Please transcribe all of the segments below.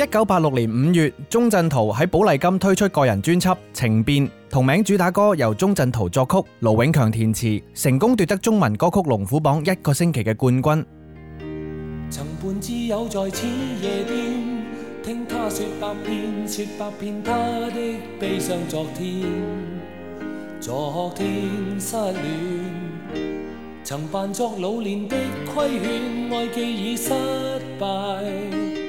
一九八六年五月，鍾鎮濤喺寶麗金推出個人專輯《情變》，同名主打歌由鍾鎮濤作曲、盧永強填詞，成功奪得中文歌曲龍虎榜一個星期嘅冠軍。曾伴摯友在此夜店，聽他說百遍、說百遍他的悲傷昨天，昨天失戀。曾扮作老練的規勸，愛既已失敗。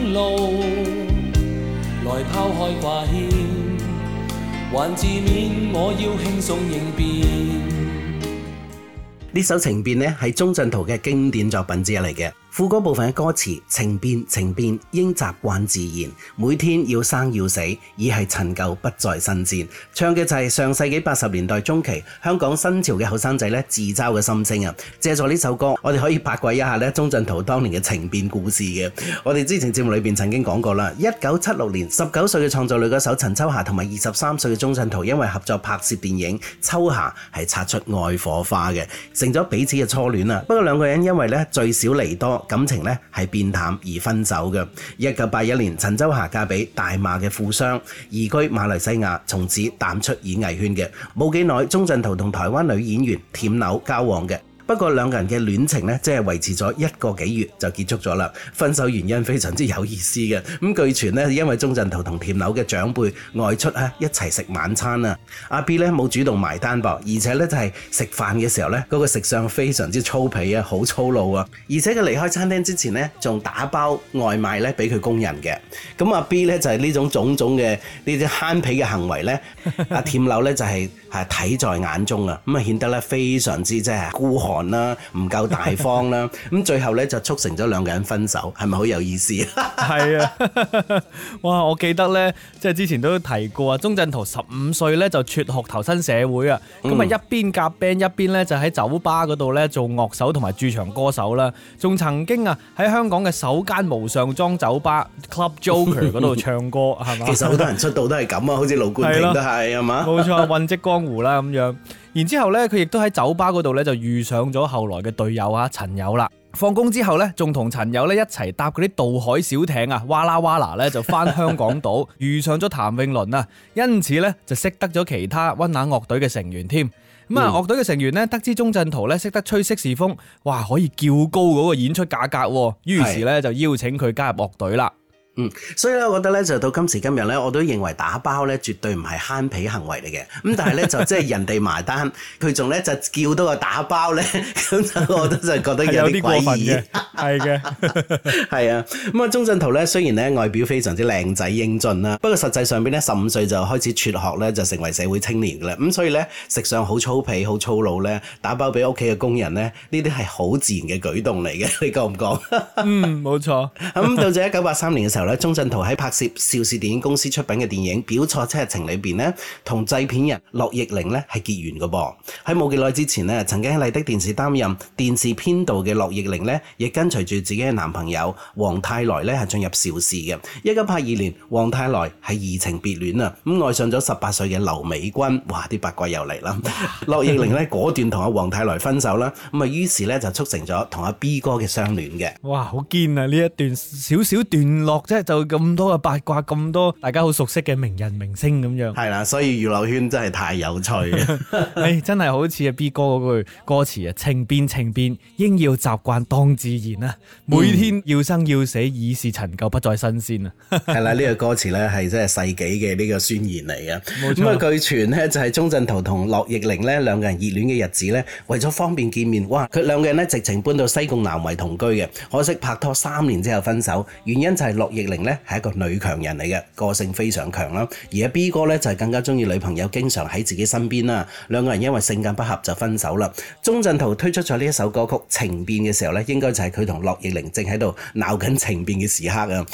來拋開掛牽，我要輕鬆應變。呢首情變呢，係鍾鎮濤嘅經典作品之一嚟嘅。副歌部分嘅歌詞，情變情變應習慣自然，每天要生要死已係陳舊不再新鮮。唱嘅就係上世紀八十年代中期香港新潮嘅後生仔咧自嘲嘅心聲啊！借助呢首歌，我哋可以八卦一下咧鍾鎮濤當年嘅情變故事嘅。我哋之前節目裏邊曾經講過啦，一九七六年十九歲嘅創作女歌手陳秋霞同埋二十三歲嘅鍾鎮濤因為合作拍攝電影《秋霞》係擦出愛火花嘅，成咗彼此嘅初戀啊！不過兩個人因為咧聚少離多。感情呢係變淡而分手嘅。一九八一年，陳秋霞嫁俾大馬嘅富商，移居馬來西亞，從此淡出演藝圈嘅。冇幾耐，鍾鎮濤同台灣女演員恬妞交往嘅。不過兩個人嘅戀情咧，即係維持咗一個幾月就結束咗啦。分手原因非常之有意思嘅，咁據傳咧，因為鍾鎮濤同恬妞嘅長輩外出啊，一齊食晚餐啊。阿 B 咧冇主動埋單噃，而且咧就係食飯嘅時候咧，嗰個食相非常之粗鄙啊，好粗魯啊。而且佢離開餐廳之前咧，仲打包外賣咧俾佢工人嘅。咁阿 B 咧就係呢種種種嘅呢啲慳皮嘅行為咧，阿恬妞咧就係係睇在眼中啊。咁啊顯得咧非常之即係孤寒啦，唔夠大方啦，咁 最後咧就促成咗兩個人分手，係咪好有意思啊？係 啊，哇！我記得咧，即係之前都提過啊，鍾鎮濤十五歲咧就輟學，學投身社會啊，咁啊、嗯、一邊夾 band 一邊咧就喺酒吧嗰度咧做樂手同埋駐場歌手啦，仲曾經啊喺香港嘅首間無上裝酒吧 Club Joker 嗰度唱歌，係嘛 吧？其實好多人出道都係咁啊，好似盧冠廷都係係嘛？冇錯， 混跡江湖啦咁樣。然之後咧，佢亦都喺酒吧嗰度咧就遇上咗後來嘅隊友啊陳友啦。放工之後咧，仲同陳友咧一齊搭嗰啲渡海小艇啊，哇啦哇啦咧就返香港島， 遇上咗譚詠麟啊，因此咧就識得咗其他溫拿樂隊嘅成員添。咁、嗯、啊，樂隊嘅成員呢，得知鍾鎮濤咧識得吹色士風，哇可以叫高嗰個演出價格，啊，於是咧是就邀請佢加入樂隊啦。嗯、所以咧，我覺得咧，就到今時今日咧，我都認為打包咧，絕對唔係慳皮行為嚟嘅。咁但係咧，就即係人哋埋單，佢仲咧就叫到個打包咧，咁就我覺得就覺得有啲 過分嘅，係嘅 是的，係啊。咁啊，鍾鎮濤咧，雖然咧外表非常之靚仔英俊啦，不過實際上邊咧，十五歲就開始輟學咧，就成為社會青年噶啦。咁所以咧，食相好粗鄙好粗魯咧，打包俾屋企嘅工人咧，呢啲係好自然嘅舉動嚟嘅，你覺唔覺？ 嗯，冇錯。咁到咗一九八三年嘅時候喺鍾鎮濤喺拍攝邵氏電影公司出品嘅電影《表錯七日情》裏邊咧，同製片人樂易玲咧係結緣噶噃。喺冇幾耐之前咧，曾經喺麗的電視擔任電視編導嘅樂易玲咧，亦跟隨住自己嘅男朋友黃泰來咧係進入邵氏嘅。一九八二年，黃泰來係移情別戀啊，咁愛上咗十八歲嘅劉美君，哇！啲八卦又嚟啦。樂易玲咧果斷同阿黃泰來分手啦，咁啊，於是咧就促成咗同阿 B 哥嘅相戀嘅。哇！好堅啊，呢一段少少段落。即係就咁多嘅八卦，咁多大家好熟悉嘅名人明星咁樣。係啦，所以娛樂圈真係太有趣。誒、 哎，真係好似阿 B 哥嗰句歌詞啊：情變情變，應要習慣當自然啦、啊。每天要生要死，已、嗯、是陳舊不再新鮮啦、啊。係 啦，呢、這個歌詞呢係真係世紀嘅呢個宣言嚟嘅。咁啊錯，據傳呢就係鍾鎮濤同樂易玲咧兩個人熱戀嘅日子呢為咗方便見面，哇！佢兩個人呢直情搬到西貢南圍同居嘅。可惜拍拖三年之後分手，原因就係樂易玲咧係一個女強人嚟嘅，個性非常強啦。而阿 B 哥咧就更加中意女朋友經常喺自己身邊啦。兩個人因為性格不合就分手啦。鍾鎮濤推出咗呢一首歌曲《情變》嘅時候咧，應該就係佢同樂易玲正喺度鬧緊情變嘅時刻啊。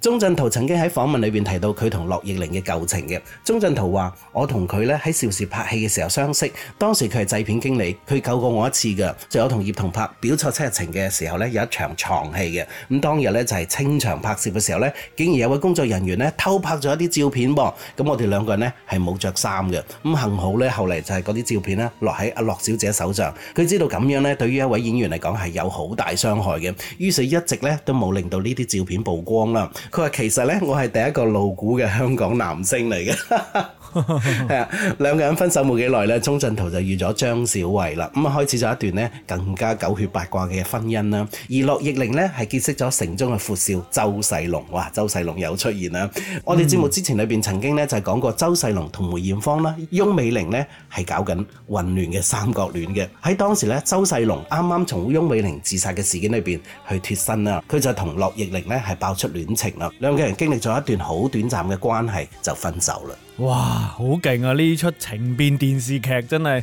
鍾鎮濤曾經喺訪問裏面提到佢同樂易玲嘅舊情嘅。鍾鎮濤話：我同佢咧喺邵氏拍戲嘅時候相識，當時佢係製片經理，佢救過我一次嘅。就我同葉童拍《表錯七日情》嘅時候咧，有一場床戲嘅。咁當日咧就係清場拍攝嘅時候咧，竟然有位工作人員咧偷拍咗一啲照片噃。咁我哋兩個人咧係冇着衫嘅。咁幸好咧後嚟就係嗰啲照片咧落喺阿樂小姐手上，佢知道咁樣咧對於一位演員嚟講係有好大傷害嘅，於是一直咧都冇令到呢啲照片曝光啦。佢話其實咧，我係第一個露骨嘅香港男星嚟嘅哈哈。係啊， 兩個人分手冇幾耐咧鍾鎮濤就遇咗章小蕙啦。咁、嗯、啊，開始咗一段咧，更加狗血八卦嘅婚姻啦。而樂易玲咧係結識咗城中嘅富少周世龍，哇，周世龍又出現啦。嗯、我哋節目之前裏邊曾經咧就係講過周世龍同梅艷芳啦、翁美玲，呢係搞緊混亂嘅三角戀嘅。喺當時咧，周世龍啱啱從翁美玲自殺嘅事件裏邊去脫身啦，佢就同樂易玲咧係爆出戀情啦。兩個人經歷咗一段好短暫嘅關係就分手啦。哇，好勁啊！呢出《情變》電視劇真係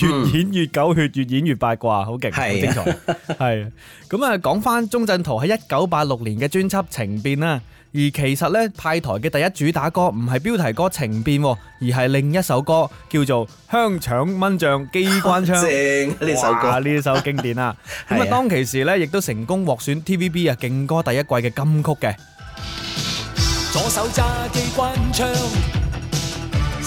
越演越狗血，越演越八卦，好勁，好精彩。係啊，咁啊講翻鍾鎮濤喺一九八六年嘅專輯《情變》啦。而其實咧派台嘅第一主打歌唔係標題歌《情變》，而係另一首歌叫做《香腸蚊帳機關槍》。正呢首歌，呢首經典啊！咁啊，當其時咧亦都成功獲選 TVB 啊勁歌第一季嘅金曲嘅。左手揸機關槍。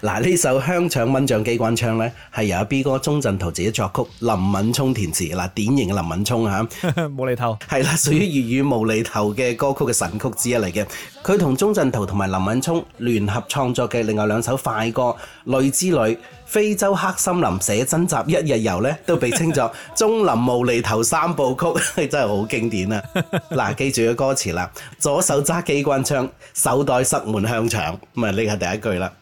嗱，呢首《香腸蚊帳機關槍》咧，係由阿 B 哥鍾鎮濤自己作曲，林敏聰填詞。嗱，典型嘅林敏聰嚇，冇厘 頭，係啦，屬於粵語無厘頭嘅歌曲嘅神曲之一嚟嘅。佢同鐘鎮濤同埋林敏聰聯合創作嘅另外兩首快歌《淚之旅》、《非洲黑森林寫真集一日遊》咧，都被稱作《鐘林無厘頭三部曲》，真係好經典啊！嗱， 記住個歌詞啦，左手揸機關槍，手袋塞滿香腸，咁啊，呢係第一句啦。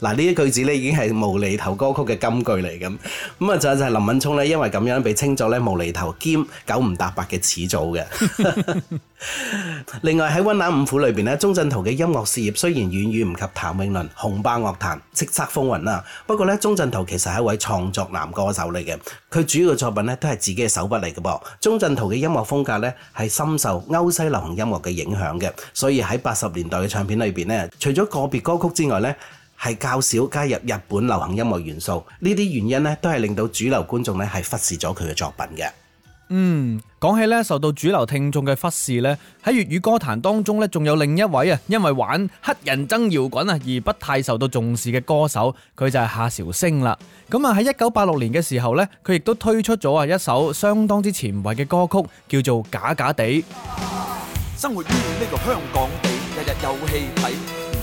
嗱，呢啲句子咧已經係無厘頭歌曲嘅金句嚟咁，咁啊仲有就係林敏聰咧，因為咁樣被稱作咧無厘頭兼九唔搭八嘅始祖嘅。另外喺《溫拿五虎》裏邊咧，鍾鎮濤嘅音樂事業雖然遠遠唔及譚詠麟紅霸樂壇、叱咤風雲啊，不過咧，鍾鎮濤其實係一位創作男歌手嚟嘅，佢主要嘅作品咧都係自己嘅手筆嚟嘅噃。鍾鎮濤嘅音樂風格咧係深受歐西流行音樂嘅影響嘅，所以喺八十年代嘅唱片裏邊咧，除咗個別歌曲之外咧。係較少加入日本流行音樂元素，呢啲原因咧，都係令到主流觀眾咧係忽視咗佢嘅作品嘅。嗯，講起咧受到主流聽眾嘅忽視咧，喺粵語歌壇當中咧，仲有另一位啊，因為玩黑人憎搖滾啊，而不太受到重視嘅歌手，佢就係夏韶聲啦。咁啊，喺一九八六年嘅時候咧，佢亦都推出咗啊一首相當之前衛嘅歌曲，叫做《假假地》。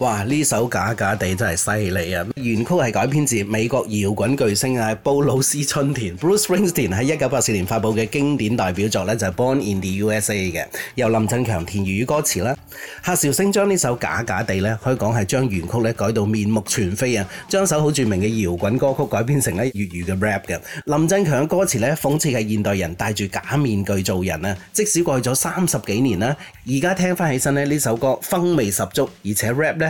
哇！呢首假假地真係犀利啊！原曲係改編自美國搖滾巨星啊，布魯斯春田 （Bruce Springsteen） 喺一九八四年發佈嘅經典代表作咧，就係、是《Born in the USA》嘅，由林振強填粵語歌詞啦。夏韶聲將呢首假假地咧，可以講係將原曲咧改到面目全非啊！將首好著名嘅搖滾歌曲改編成咧粵語嘅 rap 嘅。林振強嘅歌詞咧，諷刺係現代人戴住假面具做人啊！即使過去咗三十幾年啦，而家聽翻起身咧，呢首歌風味十足，而且 rap 咧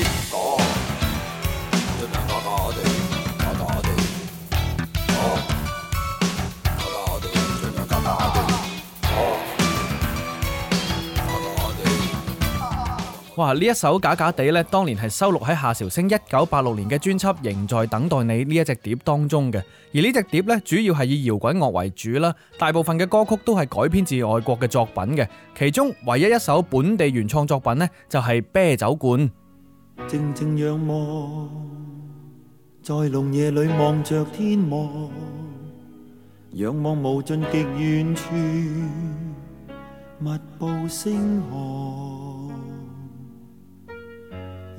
哇！呢一首假假地咧，當年係收錄喺夏韶聲一九八六年嘅專輯《仍在等待你》呢一隻碟當中嘅。而呢隻碟呢，主要係以搖滾樂為主啦，大部分嘅歌曲都係改編自外國嘅作品嘅。其中唯一一首本地原創作品呢，就係、是《啤酒罐》。靜靜仰望，在濃夜裏望着天幕，仰望無盡極遠處，密布星河。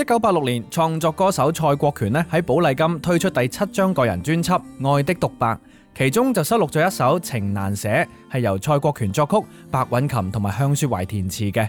一九八六年，創作歌手蔡國權呢喺寶麗金推出第七張個人專輯《愛的獨白》，其中就收錄咗一首《情難捨》，係由蔡國權作曲，白韻琴同埋向雪懷填詞嘅。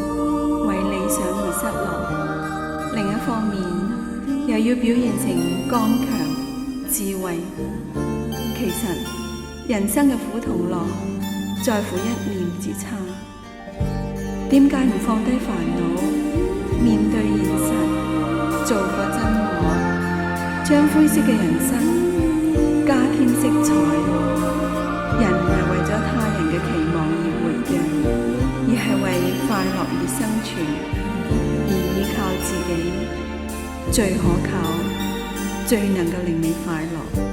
想而失落，另一方面又要表現成剛強、智慧。其實，人生嘅苦同樂，在乎一念之差。點解唔放低煩惱，面對現實，做個真我，將灰色嘅人生加添色彩？人唔係為咗他人嘅期望而活嘅。係為快樂而生存，而依靠自己最可靠、最能夠令你快樂。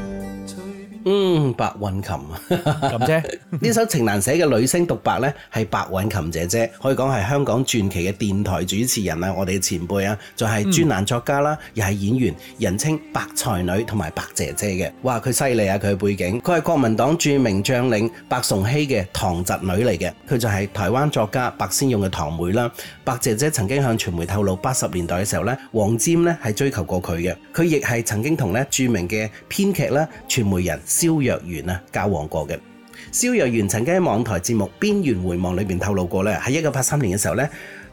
嗯，白韻琴咁啫。 呢首情難捨嘅女聲獨白呢，係白韻琴姐姐，可以講係香港傳奇嘅電台主持人啊，我哋嘅前輩啊，就係專欄作家啦，又係演員，人稱白才女同埋白姐姐嘅。哇！佢犀利啊！佢嘅背景，佢係國民黨著名將領白崇禧嘅堂侄女嚟嘅，佢就係台灣作家白先勇嘅堂妹啦。白姐姐曾經向傳媒透露，八十年代嘅時候呢，黃霑呢係追求過佢嘅。佢亦係曾經同呢著名嘅編劇啦、傳媒人蕭若元啊交往過嘅。蕭若元曾經喺網台節目《邊緣回望》裏面透露過，呢喺一九八三年嘅時候呢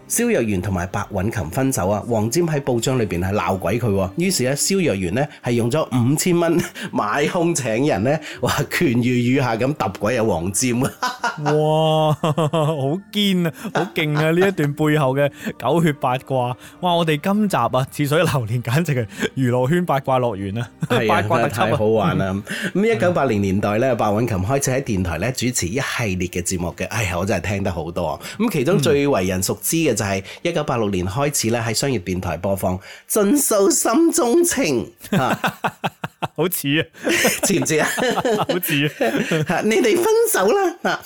蕭若元同埋白韻琴分手啊，黃霑喺報章裏邊係鬧鬼佢，於是咧蕭若元咧係用咗五千蚊買兇請人呢，哇，拳如雨下咁揼鬼啊黃霑啊， 哇，好堅啊，好勁啊！呢 一段背後嘅狗血八卦，哇！我哋今集啊《似水流年》簡直係娛樂圈八卦樂園啊，哎、呀八卦特輯好玩啊！咁一九八零年代咧，白韻琴開始喺電台咧主持一系列嘅節目嘅，哎呀，我真係聽得好多啊！咁其中最為人熟知嘅、嗯。就係一九八六年開始咧，喺商業電台播放《盡訴心中情》。 好似啊， 啊，知唔知啊？好似啊，你哋分手啦，吓，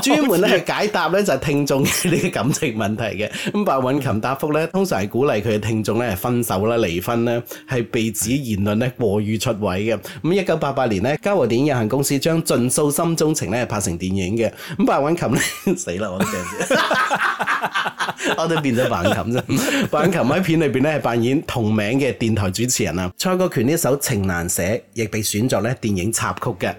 專門咧係解答咧就是聽眾嘅呢個感情問題嘅。咁白允琴答覆咧，通常係鼓勵佢嘅聽眾咧係分手啦，離婚咧，係被指言論咧過於出位嘅。咁一九八八年咧，嘉禾電影有限公司將《盡訴心中情》咧拍成電影嘅。咁白允琴咧死啦，我哋， 我哋變咗白允琴啫。 白允琴喺片裏邊咧係扮演同名嘅電台主持人啊。蔡國權呢首《情難》寫亦被選作呢電影插曲嘅。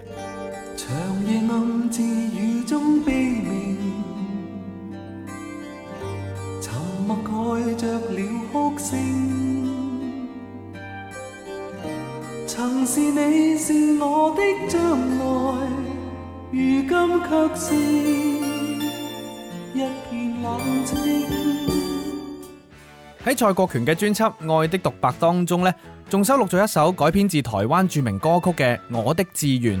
喺蔡國權嘅專輯《愛的獨白》當中呢。仲收錄咗一首改編自台灣著名歌曲嘅《我的志願》。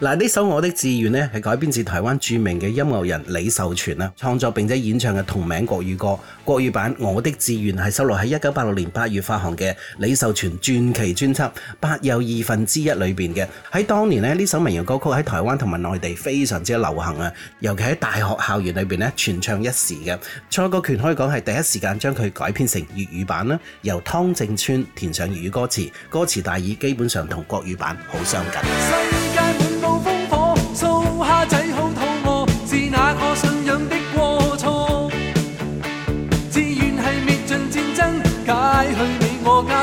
嗱，呢首《我的志願》呢，係改編自台灣著名嘅音樂人李壽全啦，創作並且演唱嘅同名國語歌。國語版《我的志願》係收錄喺一九八六年八月發行嘅李壽全傳奇專輯《八又二分之一》裏邊嘅。喺當年呢，呢首民謠歌曲喺台灣同埋內地非常之流行啊，尤其喺大學校園裏邊呢，傳唱一時嘅。蔡國權可以講係第一時間將佢改編成粵語版啦，由湯正川填上粵語歌詞，歌詞大意基本上同國語版好相近。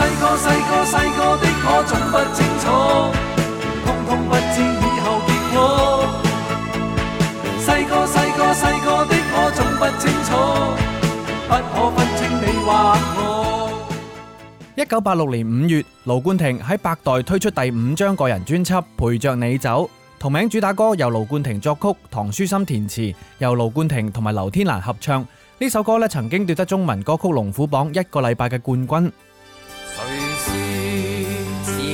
的的清清清楚。楚。不可一九八六年五月，盧冠廷喺百代推出第五張個人專輯《陪着你走》，同名主打歌由盧冠廷作曲、唐書琛填詞，由盧冠廷同埋劉天蘭合唱。呢首歌曾經奪得中文歌曲龍虎榜一個禮拜嘅冠軍。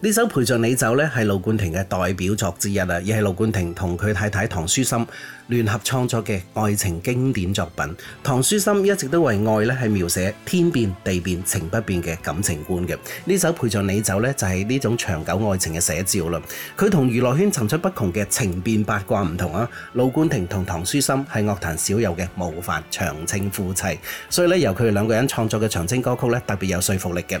呢首陪着你走咧，係盧冠廷嘅代表作之一啊，亦係盧冠廷同佢太太唐書琛聯合創作嘅愛情經典作品。唐書琛一直都為愛咧係描寫天變地變情不變嘅感情觀嘅。呢首陪着你走咧就係、是、呢種長久愛情嘅寫照啦。佢同娛樂圈層出不窮嘅情變八卦唔同啊。盧冠廷同唐書琛係樂壇少有嘅模範長青夫妻，所以咧由佢哋兩個人創作嘅長青歌曲咧特別有說服力嘅。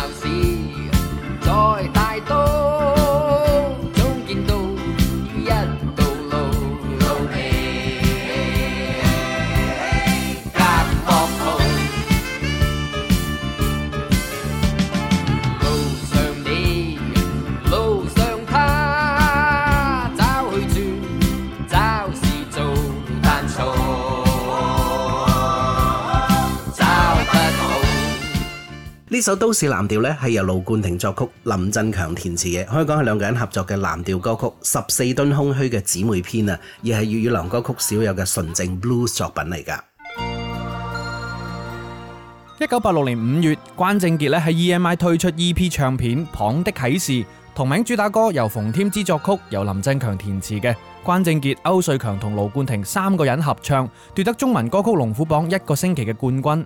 呢首都市藍調呢，係由盧冠廷作曲、林振強填詞嘅，可以講係兩個人合作嘅藍調歌曲。十四噸空虛嘅姊妹篇啊，而係粵語流行歌曲少有嘅純正 blues 作品嚟噶。一九八六年五月，關正傑呢喺 EMI 推出 EP 唱片《蚌的啟示》，同名主打歌由馮添枝作曲、由林振強填詞嘅，關正傑、區瑞強同盧冠廷三個人合唱，奪得中文歌曲龍虎榜一個星期嘅冠軍。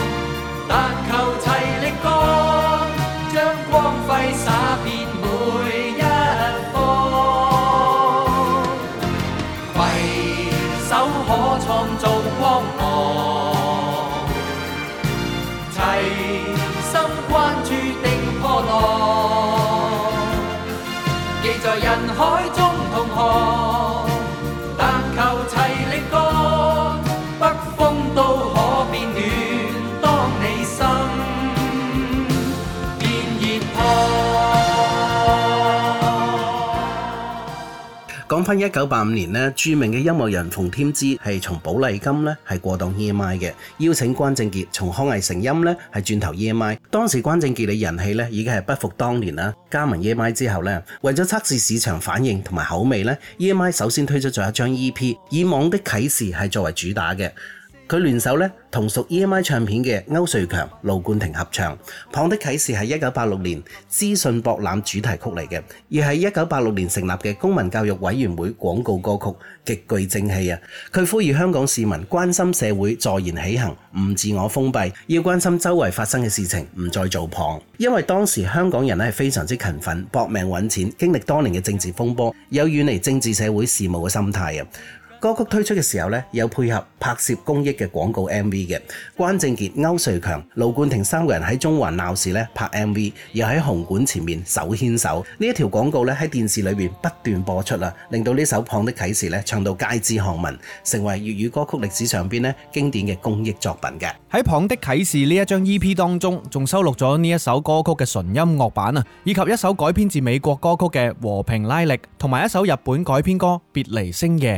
翻一九八五年呢，著名嘅音樂人馮添枝係從寶麗金呢，係過檔 EMI 嘅，邀請關正傑從康藝成音呢，係轉投 EMI。當時關正傑嘅人氣呢，已經係不復當年啦。加盟 EMI 之後呢，為咗測試市場反應同埋口味呢，EMI 首先推出咗一張 EP，以《蚌的啟示》係作為主打嘅。佢聯手咧，同屬 EMI 唱片嘅區瑞強、盧冠廷合唱，《蚌的啟示》係一九八六年資訊博覽主題曲嚟嘅，而係一九八六年成立嘅公民教育委員會廣告歌曲，極具正氣啊！佢呼籲香港市民關心社會，坐言起行，唔自我封閉，要關心周圍發生嘅事情，唔再做蚌。因為當時香港人咧係非常之勤奮，搏命揾錢，經歷多年嘅政治風波，有遠離政治社會事務嘅心態啊！歌曲推出嘅時候呢，有配合拍攝公益嘅廣告 M V 嘅關正傑、區瑞強、盧冠廷三個人喺中環鬧市咧拍 M V，又喺紅館前面手牽手，呢一條廣告呢，喺電視裏面不斷播出啦，令到呢首《蚌的啟示》咧唱到街知巷聞，成為粵語歌曲歷史上邊咧經典嘅公益作品嘅。喺《蚌的啟示》呢一張 E P 當中，仲收錄咗呢一首歌曲嘅純音樂版啊，以及一首改編自美國歌曲嘅《和平拉力》，同埋一首日本改編歌《別離星夜》。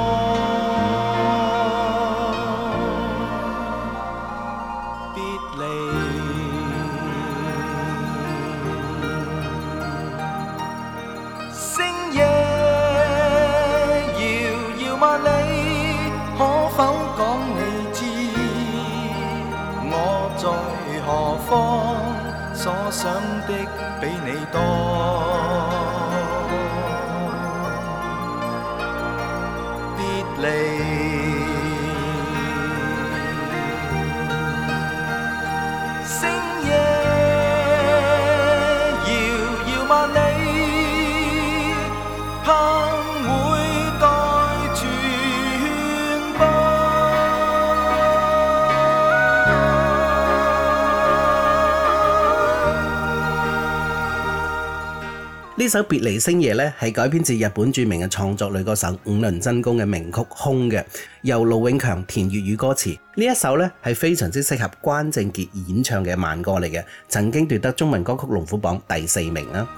呢首《別離星夜》呢，係改編自日本著名嘅創作女歌手五輪真弓嘅名曲《空》嘅，由盧永強填粵語歌詞。呢一首呢，係非常之適合關正傑演唱嘅慢歌嚟嘅，曾經奪得中文歌曲龍虎榜第四名啊！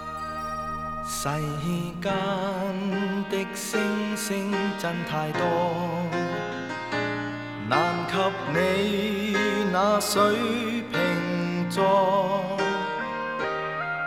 世間的星星真太多，難及你那水瓶座。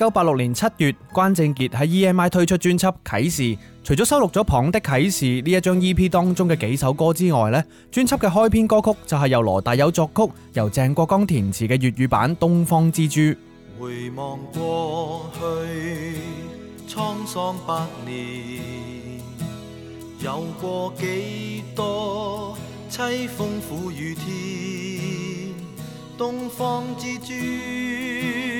一九八六年七月，關正傑喺 EMI 推出專輯《啟示》，除了了，除咗收錄咗《蚌的啟示》呢一張 EP 當中嘅幾首歌之外，咧，專輯嘅開篇歌曲就係由羅大佑作曲、由鄭國江填詞嘅粵語版《東方之珠》。回望過去滄桑百年，有過幾多淒風苦雨天，東方之珠。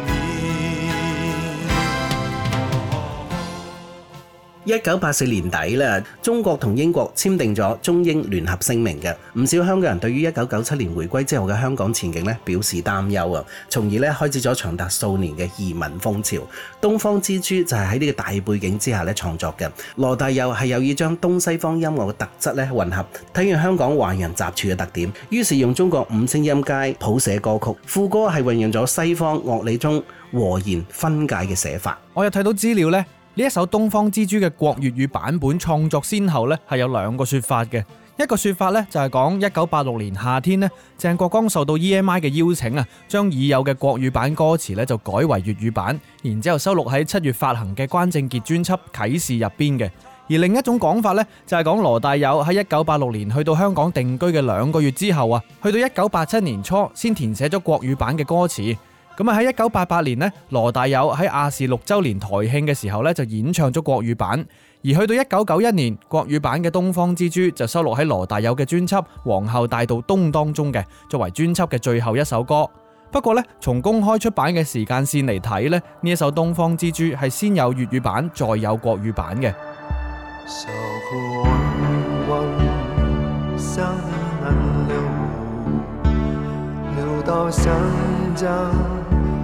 一九八四年底啦，中國同英國簽訂咗中英聯合聲明嘅，唔少香港人對於一九九七年回歸之後嘅香港前景咧表示擔憂啊，從而咧開始咗長達數年嘅移民風潮。《東方之珠》就係喺呢個大背景之下咧創作嘅。羅大佑係有意將東西方音樂嘅特質咧混合，體現香港華人雜處嘅特點，於是用中國五聲音階譜寫歌曲。副歌係運用咗西方樂理中和弦分解嘅寫法。我又睇到資料咧。呢一首《東方之珠》嘅國粵語版本創作先後咧係有兩個說法嘅，一個說法咧就係講一九八六年夏天咧，鄭國江受到 EMI 嘅邀請啊，將已有嘅國語版歌詞咧就改為粵語版，然之後收錄喺七月發行嘅關正傑專輯《啟示》入邊嘅。而另一種講法咧就係、是、講羅大佑喺一九八六年去到香港定居嘅兩個月之後啊，去到一九八七年初先填寫咗國語版嘅歌詞。咁啊喺一九八八年呢，羅大佑喺亞視六周年台慶嘅時候呢，就演唱咗國語版。而去到一九九一年，國語版嘅《東方之珠》就收錄喺羅大佑嘅專輯《皇后大道東》當中嘅，作為專輯嘅最後一首歌。不過呢，從公開出版嘅時間線嚟睇呢，呢一首《東方之珠》係先有粵語版，再有國語版嘅。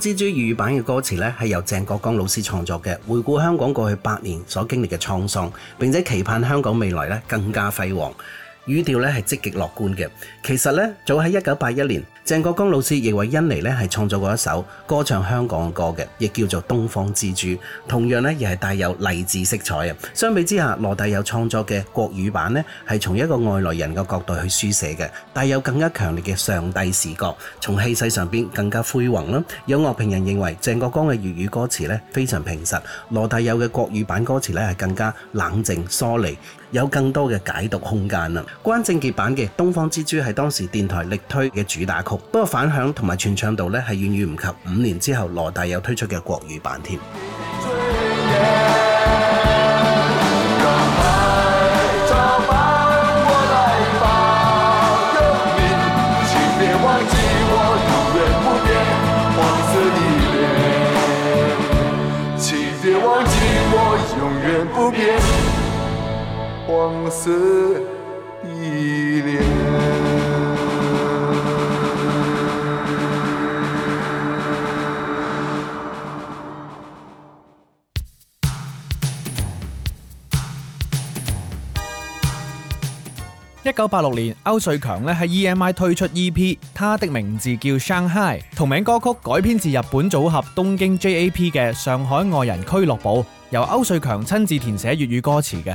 蜘蛛粵語版的歌詞是由鄭國江老師創作的，回顧香港過去百年所經歷的滄桑，並且期盼香港未來更加輝煌。語調是係積極樂觀嘅。其實早喺一九八一年，鄭國江老師亦為甄妮係創作過一首歌唱香港嘅歌嘅，亦叫做《東方之珠》，同樣也是係帶有勵志色彩。相比之下，羅大佑創作嘅國語版是係從一個外來人嘅角度去書寫嘅，帶有更加強烈嘅上帝視角，從氣勢上面更加輝煌。有樂評人認為，鄭國江嘅粵語歌詞非常平實，羅大佑嘅國語版歌詞咧係更加冷靜疏離。有更多嘅解讀空間啦！關正傑版嘅《東方之珠》係當時電台力推嘅主打曲，不過反響同埋傳唱度呢係遠遠唔及五年之後羅大佑推出嘅國語版添。一九八六年，區瑞強咧喺 EMI 推出 EP，她的名字叫 Shanghai。同名歌曲改編自日本組合東京 JAP 嘅《上海愛人俱樂部》，由區瑞強親自填寫粵語歌詞嘅。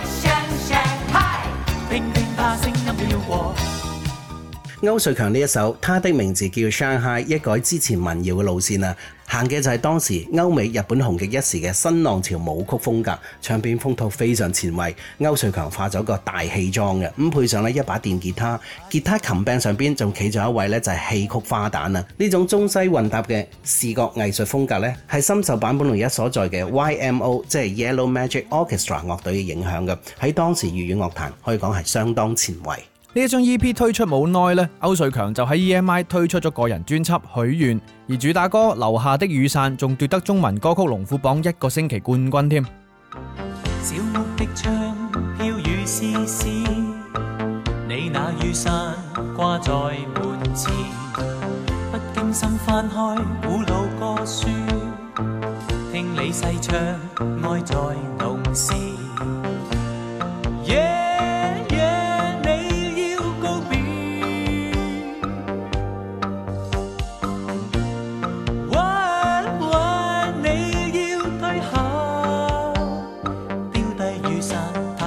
區瑞強呢一首，他的名字叫《Shanghai》，一改之前民謠嘅路線，行嘅就係當時歐美、日本紅極一時嘅新浪潮舞曲風格，唱片封套非常前衛。區瑞強化咗個大戲裝嘅，配上一把電吉他，吉他琴柄上面仲企咗一位就係戲曲花旦，這呢種中西混搭嘅視覺藝術風格呢是深受坂本龍一所在嘅 YMO 即係 Yellow Magic Orchestra 樂隊嘅影響嘅，喺當時粵語樂壇可以講係相當前衛。呢張 EP 推出冇耐呢，區瑞強就喺 EMI 推出咗個人專輯《許願》，而主打歌《留下的雨傘》仲奪得中文歌曲龍虎榜一個星期冠軍添。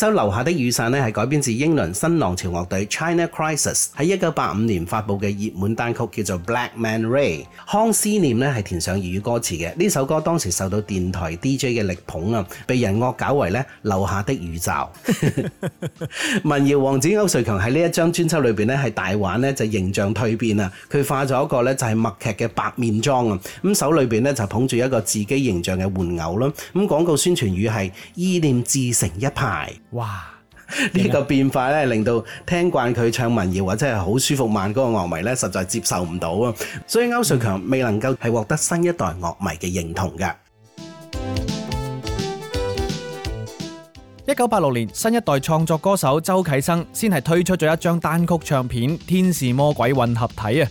收留下的雨傘咧，係改編自英倫新浪潮樂隊 China Crisis 喺一九八五年發布嘅熱門單曲，叫做《Black Man Ray》。康思念咧係填上粵語歌詞嘅呢首歌，當時受到電台 DJ 嘅力捧啊，被人惡搞為咧留下的雨罩。民謠 王子區瑞強喺呢一張專輯裏邊咧係大玩咧就形象蛻變啊，佢化咗一個咧就係默劇嘅白面妝啊，咁手裏邊咧就捧住一個自己形象嘅玩偶啦，咁廣告宣傳語係意念自成一派。哇！呢個變化咧，令到聽慣佢唱民謠或者係好舒服慢歌嘅樂迷咧，實在接受唔到啊！所以區瑞強未能夠係獲得新一代樂迷嘅認同㗎。一九八六年，新一代創作歌手周啟生先係推出咗一張單曲唱片《天使魔鬼混合體》啊！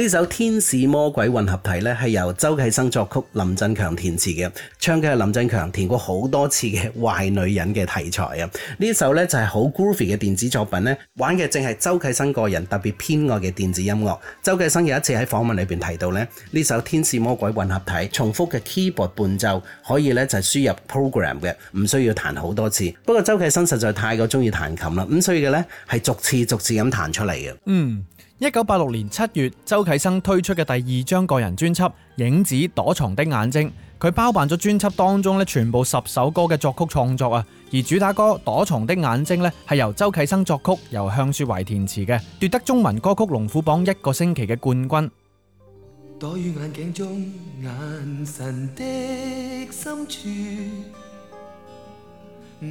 呢首《天使魔鬼混合體》咧，係由周啟生作曲、林振強填詞嘅。唱嘅係林振強填過好多次嘅壞女人嘅題材啊。呢首咧就係好 groovy 嘅電子作品咧，玩嘅淨係周啟生個人特別偏愛嘅電子音樂。周啟生有一次喺訪問裏邊提到咧，呢首《天使魔鬼混合體》重複嘅 keyboard 伴奏可以咧就係輸入 program 嘅，唔需要彈好多次。不過周啟生實在太過中意彈琴啦，咁所以嘅咧係逐次逐次咁彈出嚟嘅。嗯。一九八六年七月，周啟生推出嘅第二張個人專輯《影子躲藏的眼睛》，佢包辦咗專輯當中呢全部十首歌嘅作曲創作啊！而主打歌《躲藏的眼睛》呢，係由周啟生作曲，由向雪懷填詞嘅，奪得中文歌曲龍虎榜一個星期嘅冠軍。躲於眼鏡中，眼神的深處，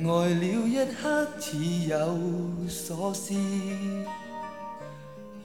愛了一刻似有所思。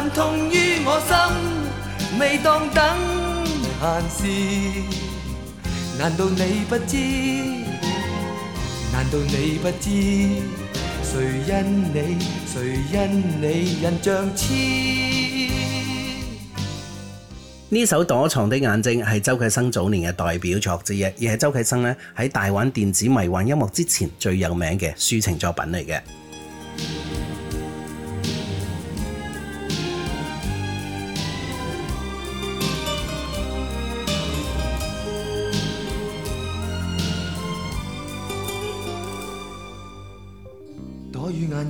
《但痛於我心》，未當等閒事。難道你不知？難道你不知？誰因你，誰因你，印象痴。呢首《躲藏的眼睛》係周啟生早年嘅代表作之一，亦係周啟生咧喺大玩電子迷幻音樂之前最有名嘅抒情作品嚟嘅。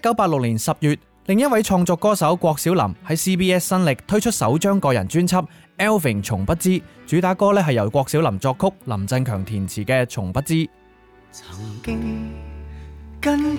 一九八六年十月，另一位創作歌手郭小霖喺 CBS 新力推出首張個人專輯《Alvin 從不知》，主打歌呢係由郭小霖作曲、林振強填詞嘅《從不知》。曾經跟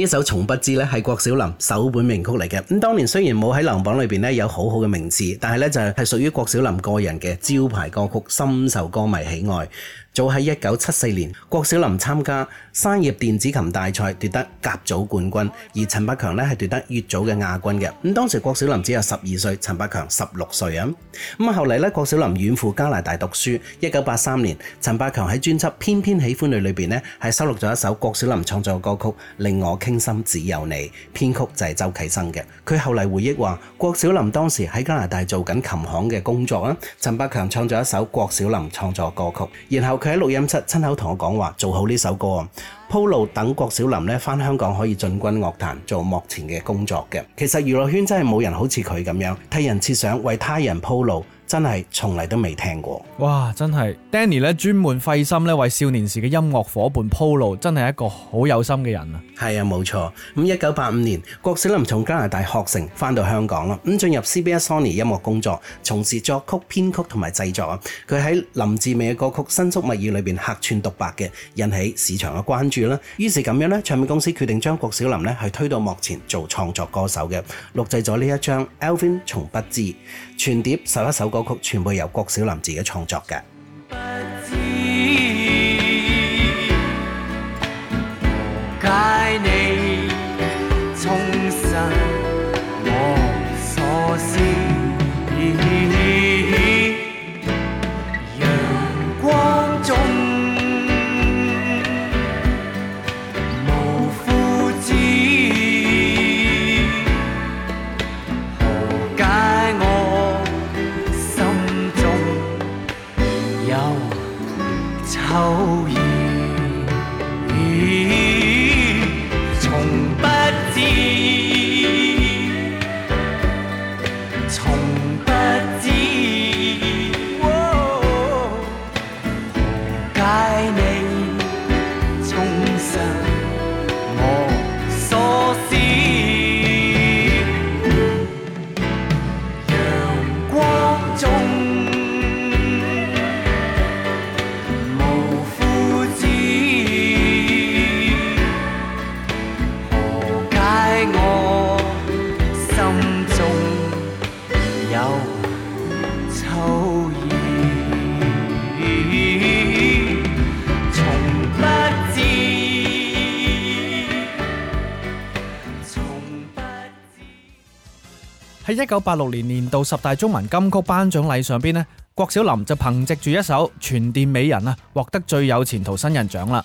呢首《從不知》咧，係郭小霖首本名曲嚟嘅。咁當年雖然冇喺龍虎榜裏邊咧有好好嘅名次，但係咧就係屬於郭小霖個人嘅招牌歌曲，深受歌迷喜愛。早喺一九七四年，郭小霖參加山葉電子琴大賽，奪得甲組冠軍，而陳百強呢係奪得乙組嘅亞軍嘅。咁當時郭小霖只有十二歲，陳百強十六歲啊。咁啊，後嚟咧，郭小霖遠赴加拿大讀書。一九八三年，陳百強喺專輯《偏偏喜歡你》裏邊呢，係收錄咗一首郭小霖創作嘅歌曲《令我傾心只有你》，編曲就係周啟生嘅。佢後嚟回憶話，郭小霖當時喺加拿大做緊琴行嘅工作啊。陳百強唱咗一首郭小霖創作嘅歌曲，然後。佢喺錄音室親口同我講話，做好呢首歌啊，鋪路等郭小林郭小霖咧返香港可以進軍樂壇做幕前嘅工作嘅。其實娛樂圈真係冇人好似佢咁樣替人設想，為他人鋪路。真係從嚟都未聽過，哇！真係 Danny 咧專門費心咧為少年時嘅音樂伙伴鋪路，真係一個好有心嘅人啊！係啊，冇錯。咁一九八五年，郭小霖從加拿大學成翻到香港啦，咁進入 CBS Sony 音樂工作，從事作曲、編曲同埋製作啊。佢喺林志美嘅歌曲《新宿物語》裏邊客串獨白嘅，引起市場嘅關注啦。於是咁樣呢，唱片公司決定將郭小霖呢去推到幕前做創作歌手嘅，錄製咗呢一張《Alvin 從不知》。全碟十一首歌曲全部由郭小霖自己創作嘅。一九八六年年度十大中文金曲頒獎禮上邊呢，郭小霖就憑借住一首《傳電美人》啊，獲得最有前途新人獎啦。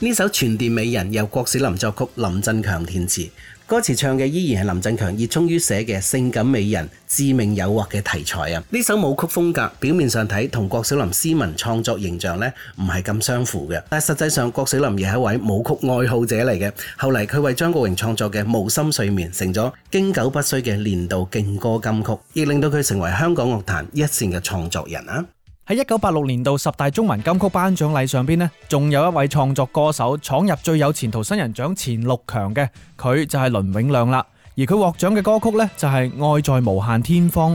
呢首《傳電美人》由郭小霖作曲，林振強填詞。歌詞唱嘅依然係林振強熱衷於寫嘅性感美人、致命誘惑嘅題材啊！呢首舞曲風格表面上睇同郭小霖斯文創作形象呢唔係咁相符嘅，但實際上郭小霖亦係一位舞曲愛好者嚟嘅。後來佢為張國榮創作嘅《無心睡眠》成咗經久不衰嘅年度勁歌金曲，亦令到佢成為香港樂壇一線嘅創作人啊！喺一九八六年度十大中文金曲頒獎禮上邊咧，仲有一位創作歌手闖入最有前途新人獎前六強嘅，佢就係倫永亮啦，而佢獲獎嘅歌曲呢，就係、是《愛在無限天方》。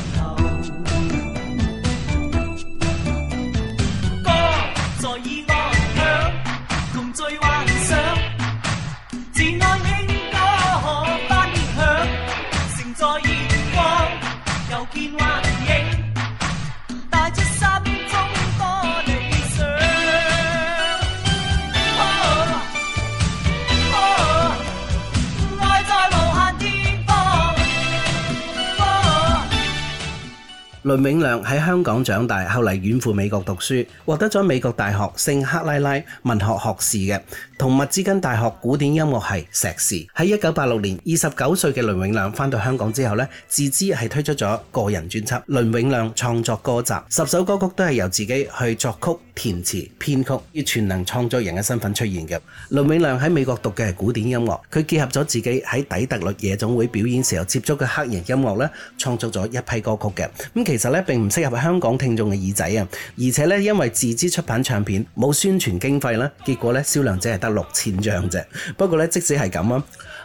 倫永亮喺香港長大，後嚟遠赴美國讀書，獲得咗美國大學聖克拉拉文學學士嘅，同密茲根大學古典音樂系碩士。喺一九八六年，二十九歲嘅倫永亮翻到香港之後呢，自資係推出咗個人專輯《倫永亮創作歌集》，十首歌曲都係由自己去作曲、填詞、編曲，以全能創作人嘅身份出現嘅。倫永亮喺美國讀嘅係古典音樂，佢結合咗自己喺底特律夜總會表演時候接觸嘅黑人音樂呢，創作咗一批歌曲嘅。咁其其實並並唔適合香港聽眾嘅耳仔啊，而且因為自資出品唱片冇宣傳經費，結結果銷銷量只係得六千張啫。不過即使係噉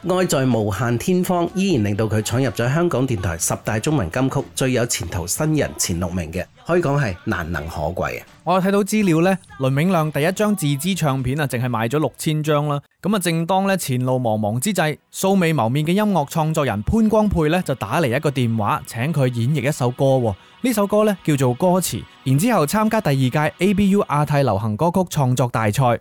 愛在無限天方依然令到佢闖入咗香港電台十大中文金曲最有前途新人前六名嘅，可以講係難能可貴啊！我睇到資料呢，倫永亮第一張自資唱片啊，淨係賣咗六千張啦。咁啊，正當呢，前路茫茫之際，素未謀面嘅音樂創作人潘光沛呢，就打嚟一個電話，請佢演繹一首歌。呢首歌呢，叫做歌詞，然之後參加第二屆 ABU 亞太流行歌曲創作大賽。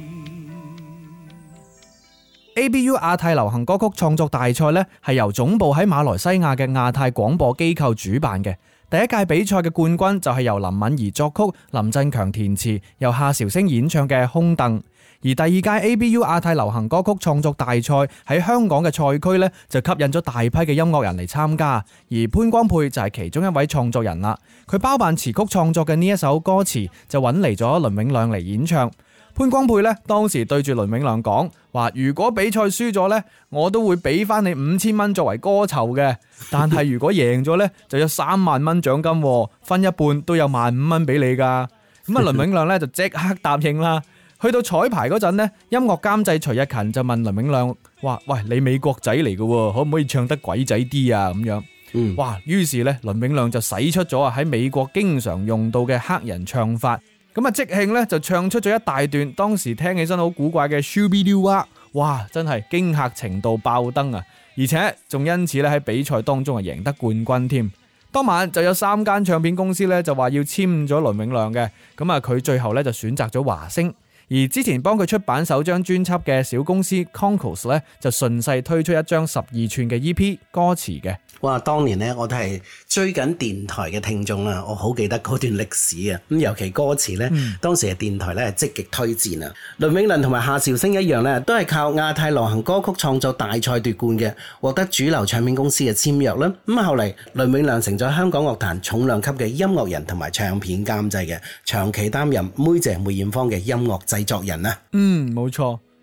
A.B.U. 亞太流行歌曲創作大賽咧，係由總部喺馬來西亞嘅亞太廣播機構主辦嘅。第一屆比賽嘅冠軍就係由林敏怡作曲、林振強填詞，由夏韶聲演唱嘅《空凳》。而第二屆 A.B.U. 亞太流行歌曲創作大賽喺香港嘅賽區咧，就吸引咗大批嘅音樂人嚟參加。而潘光沛就係其中一位創作人啦。佢包辦詞曲創作嘅呢一首歌詞，就揾嚟咗倫永亮嚟演唱。潘光佩咧當時對住倫永亮講：話如果比賽輸咗咧，我都會俾翻你五千蚊作為歌酬嘅。但係如果贏咗咧，就有三萬蚊獎金，分一半都有萬五蚊俾你噶。咁啊， 倫永亮咧就即刻答應啦。去到彩排嗰陣呢，音樂監製徐一勤就問倫永亮：話喂，你美國仔嚟噶，可唔可以唱得鬼仔啲啊？咁樣，哇！於是咧，倫永亮就使出咗啊喺美國經常用到嘅黑人唱法。咁啊！即興咧就唱出咗一大段，當時聽起身好古怪嘅 Shuby Dua，哇！真係驚嚇程度爆燈啊！而且仲因此咧喺比賽當中啊贏得冠軍添。當晚就有三間唱片公司咧就話要簽咗倫永亮嘅，咁啊佢最後咧就選擇咗華星，而之前幫佢出版首張專輯嘅小公司、Con、Conquest 咧就順勢推出一張十二寸嘅 EP 歌詞嘅。哇！當年呢我都係追緊電台嘅聽眾啦，我好記得嗰段歷史啊。咁尤其歌詞呢。嗯、當時嘅電台呢，係積極推薦啊。倫永亮同埋夏韶聲一樣呢，都係靠亞太流行歌曲創作大賽奪冠嘅，獲得主流唱片公司嘅簽約啦。咁後嚟，倫永亮成咗香港樂壇重量級嘅音樂人同埋唱片監製嘅，長期擔任梅姐梅艷芳嘅音樂製作人啦。嗯，冇錯。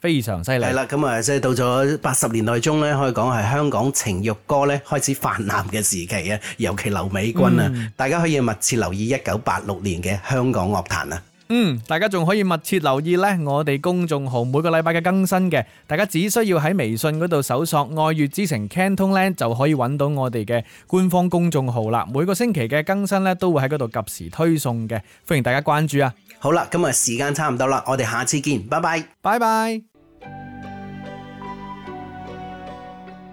非常犀利。係啦，咁啊，即係到咗八十年代中咧，可以講係香港情欲歌咧開始泛濫嘅時期啊。尤其劉美君啊，嗯、大家可以密切留意一九八六年嘅香港樂壇啊。嗯，大家仲可以密切留意呢我哋公眾號每個禮拜嘅更新嘅，大家只需要喺微信嗰度搜索愛粵之城 Canton 咧，就可以揾到我哋嘅官方公眾號啦。每個星期嘅更新咧，都會喺嗰度及時推送嘅，歡迎大家關注啊。好啦，咁啊，今日時間差唔多啦，我哋下次見，拜拜，拜拜。